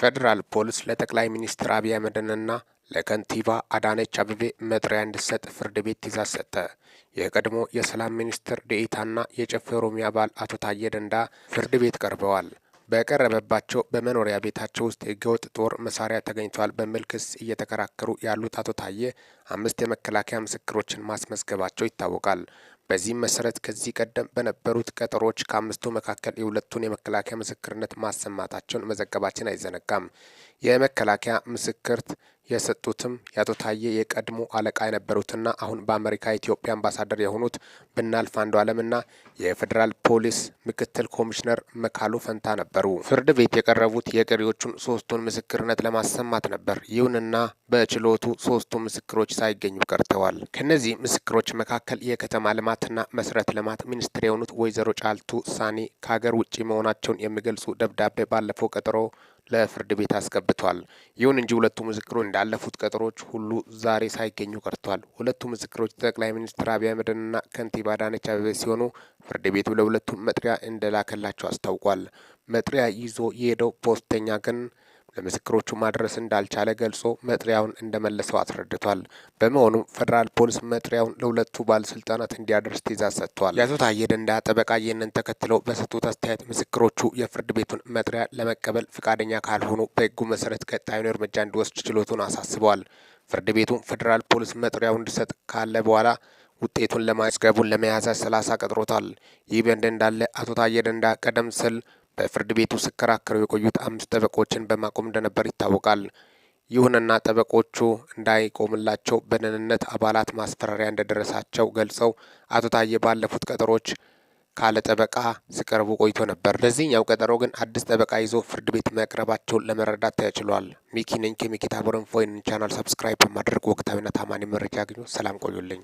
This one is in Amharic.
ፌዴራል ፖሊስ ለጠቅላይ ሚኒስትር አብይ አህመድንና ለከንቲባ አዳነች አቤቤ መጥሪያ እንዲሰጥ ፍርድ ቤት ትዕዛዝ ሰጠ። የቀድሞ የሰላም ሚኒስትር ዴኤታና የጨፌ ኦሮሚያ አባል አቶ ታዬ ደንዳ ፍርድ ቤት ቀርበዋል። በቀረበባቸው በመኖሪያ ቤታቸው ውስጥ ህገወጥ ጦር መሳሪያ ተገኝቷል በሚል ክስ እየተከራከሩ ያሉት አቶ ታዬ አምስት የመከላከያ ምስክሮችን ማስመዝገባቸው ይታወቃል። በዚህም መሰረት ከዚህ ቀደም በነበሩት ቀጠሮች ከአምስቱ መካከል የሁለቱን የመከላከያ ምስክርነት ማሰማታቸውን መዘገባችን አይዘነጋም። የመከላከያ ምስክርት የሰጡትም የአቶ ታዬ የቀድሞ አለቃ የነበሩትና አሁን በአሜሪካ የኢትዮጵያ አምባሳደር የሆኑት ብናልፍ አንዱ አንዱዓለምና የፌዴራል ፖሊስ ምክትል ኮሚሽነር መካሉ ፈንታ ነበሩ። ፍርድ ቤት የቀረቡት የቀሪዎቹን ሶስቱን ምስክርነት ለማሰማት ነበር። ይሁንና በችሎቱ ሶስቱ ምስክሮች ሳይገኙ ቀርተዋል። ከነዚህ ምስክሮች መካከል የከተማ ልማትና መሰረተ ልማት ሚኒስትር የሆኑት ወይዘሮ ጫልቱ ሳኒ ከሀገር ውጭ መሆናቸውን የሚገልጹ ደብዳቤ ባለፈው ቀጠሮ ለፍርድ ቤት አስገብቷል። ይሁን እንጂ ሁለቱ ምስክሮች እንዳለፉት ቀጠሮች ሁሉ ዛሬ ሳይገኙ ቀርቷል። ሁለቱ ምስክሮች ጠቅላይ ሚኒስትር አብይ አህመድና ከንቲባ አዳነች አቤቤ ሲሆኑ ፍርድ ቤቱ ለሁለቱም መጥሪያ እንደላከላቸው አስታውቋል። መጥሪያ ይዞ የሄደው ፖስተኛ ግን ለምስክሮቹ ማድረስ እንዳልቻለ ገልጾ መጥሪያውን እንደመለሰው አስረድቷል። በመሆኑም ፌዴራል ፖሊስ መጥሪያውን ለሁለቱ ባለስልጣናት እንዲያደርስ ትዕዛዝ ሰጥቷል። የአቶ ታዬ ደንዳ ጠበቃ ይህንን ተከትለው በሰጡት አስተያየት ምስክሮቹ የፍርድ ቤቱን መጥሪያ ለመቀበል ፈቃደኛ ካልሆኑ በሕጉ መሰረት ቀጣዩን እርምጃ እንዲወስድ ችሎቱን አሳስበዋል። ፍርድ ቤቱ ፌዴራል ፖሊስ መጥሪያው እንዲሰጥ ካለ በኋላ ውጤቱን ለማስገቡን ለመያዝ ሰላሳ ቀጥሮታል። ይህ በእንዲህ እንዳለ አቶ ታዬ ደንዳ ቀደም ስል በፍርድ ቤቱ ሲከራከሩ የቆዩት አምስት ጠበቆችን በማቆም እንደነበር ይታወቃል። ይሁንና ጠበቆቹ እንዳይቆምላቸው በደህንነት አባላት ማስፈራሪያ እንደደረሳቸው ገልጸው አቶ ታዬ ባለፉት ቀጠሮች ካለ ጠበቃ ሲቀርቡ ቆይቶ ነበር። በዚህኛው ቀጠሮ ግን አዲስ ጠበቃ ይዞ ፍርድ ቤት መቅረባቸውን ለመረዳት ተችሏል። ሚኪ ነኝ ከሚኪታ ቦረንፎይን ቻናል ሰብስክራይብ በማድረግ ወቅታዊና ታማኒ መረጃ ያግኙ። ሰላም ቆዩልኝ።